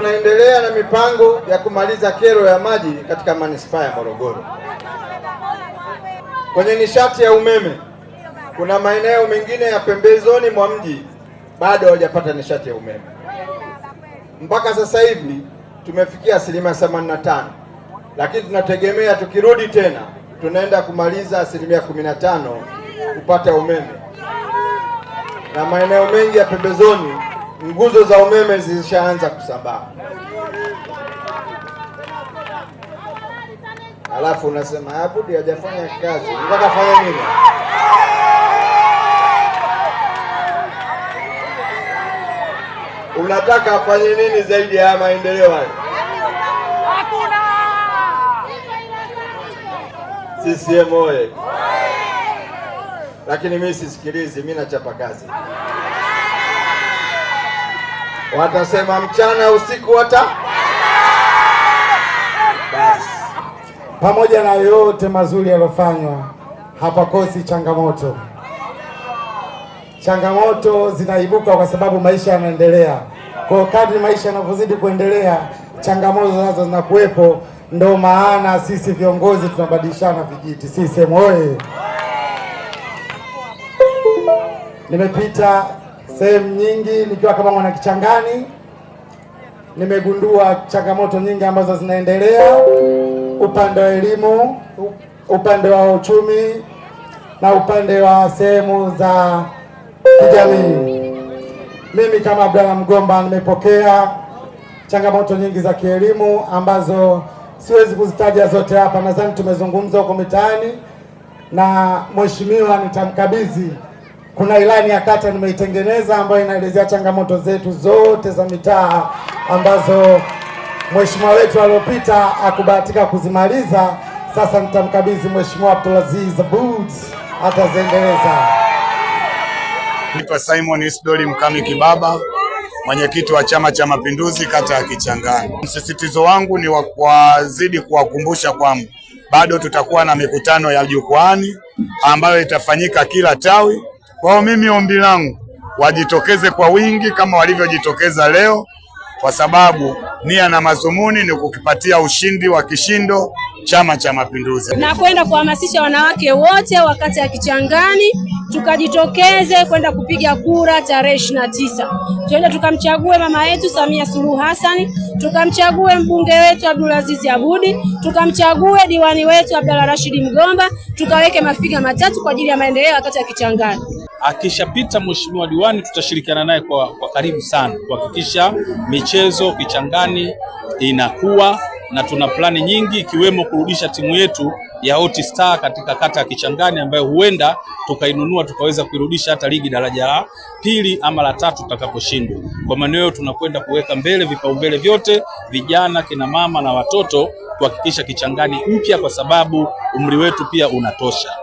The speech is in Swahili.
tunaendelea na mipango ya kumaliza kero ya maji katika manispaa ya Morogoro. Kwenye nishati ya umeme, kuna maeneo mengine ya pembezoni mwa mji bado hawajapata nishati ya umeme. Mpaka sasa hivi tumefikia asilimia themanini na tano, lakini tunategemea tukirudi tena tunaenda kumaliza asilimia kumi na tano kupata umeme na maeneo mengi ya pembezoni nguzo za umeme zilishaanza kusambaa, alafu unasema Abudi ah, hajafanya kazi, akafanya nini? Unataka afanye nini zaidi ya maendeleo hayo? CCM oye! Lakini mimi sisikilizi, mimi nachapa kazi watasema mchana usiku wata basi. Pamoja na yote mazuri yaliyofanywa, hapakosi changamoto. Changamoto zinaibuka kwa sababu maisha yanaendelea. Kwa kadri maisha yanavyozidi kuendelea, changamoto nazo zinakuwepo. Ndo maana sisi viongozi tunabadilishana vijiti. Sisemu oye! Nimepita sehemu nyingi nikiwa kama mwanakichangani, nimegundua changamoto nyingi ambazo zinaendelea upande wa elimu, upande wa uchumi na upande wa sehemu za kijamii. Mimi kama bwana Mgomba nimepokea changamoto nyingi za kielimu ambazo siwezi kuzitaja zote hapa, nadhani tumezungumza huko mitaani na mheshimiwa nitamkabidhi kuna ilani ya kata nimeitengeneza ambayo inaelezea changamoto zetu zote za mitaa ambazo mheshimiwa wetu aliyopita akubahatika kuzimaliza. Sasa nitamkabidhi Mheshimiwa Abdulaziz Aboud ataziendeleza. Naitwa Simon Isidori Mkami Kibaba, mwenyekiti wa Chama cha Mapinduzi kata ya Kichangani. Msisitizo wangu ni wazidi kuwakumbusha kwamba bado tutakuwa na mikutano ya jukwani ambayo itafanyika kila tawi kwa hiyo mimi ombi langu wajitokeze kwa wingi kama walivyojitokeza leo, kwa sababu nia na mazumuni ni kukipatia ushindi wa kishindo Chama cha Mapinduzi na kwenda kuhamasisha wanawake wote wakati ya Kichangani tukajitokeze kwenda kupiga kura tarehe ishirini na tisa tuende tukamchague mama yetu Samia Suluhu Hassan, tukamchague mbunge wetu Abdulaziz Abudi, tukamchague diwani wetu Abdalla Rashidi Mgomba, tukaweke mafiga matatu kwa ajili ya maendeleo ya kata ya Kichangani. Akishapita mheshimiwa diwani, tutashirikiana naye kwa, kwa karibu sana kuhakikisha michezo Kichangani inakuwa na tuna plani nyingi ikiwemo kurudisha timu yetu ya Hot Star katika kata ya Kichangani ambayo huenda tukainunua tukaweza kuirudisha hata ligi daraja la pili ama la tatu tutakaposhindwa. Kwa maana hiyo, tunakwenda kuweka mbele vipaumbele vyote, vijana, kina mama na watoto, kuhakikisha Kichangani mpya, kwa sababu umri wetu pia unatosha.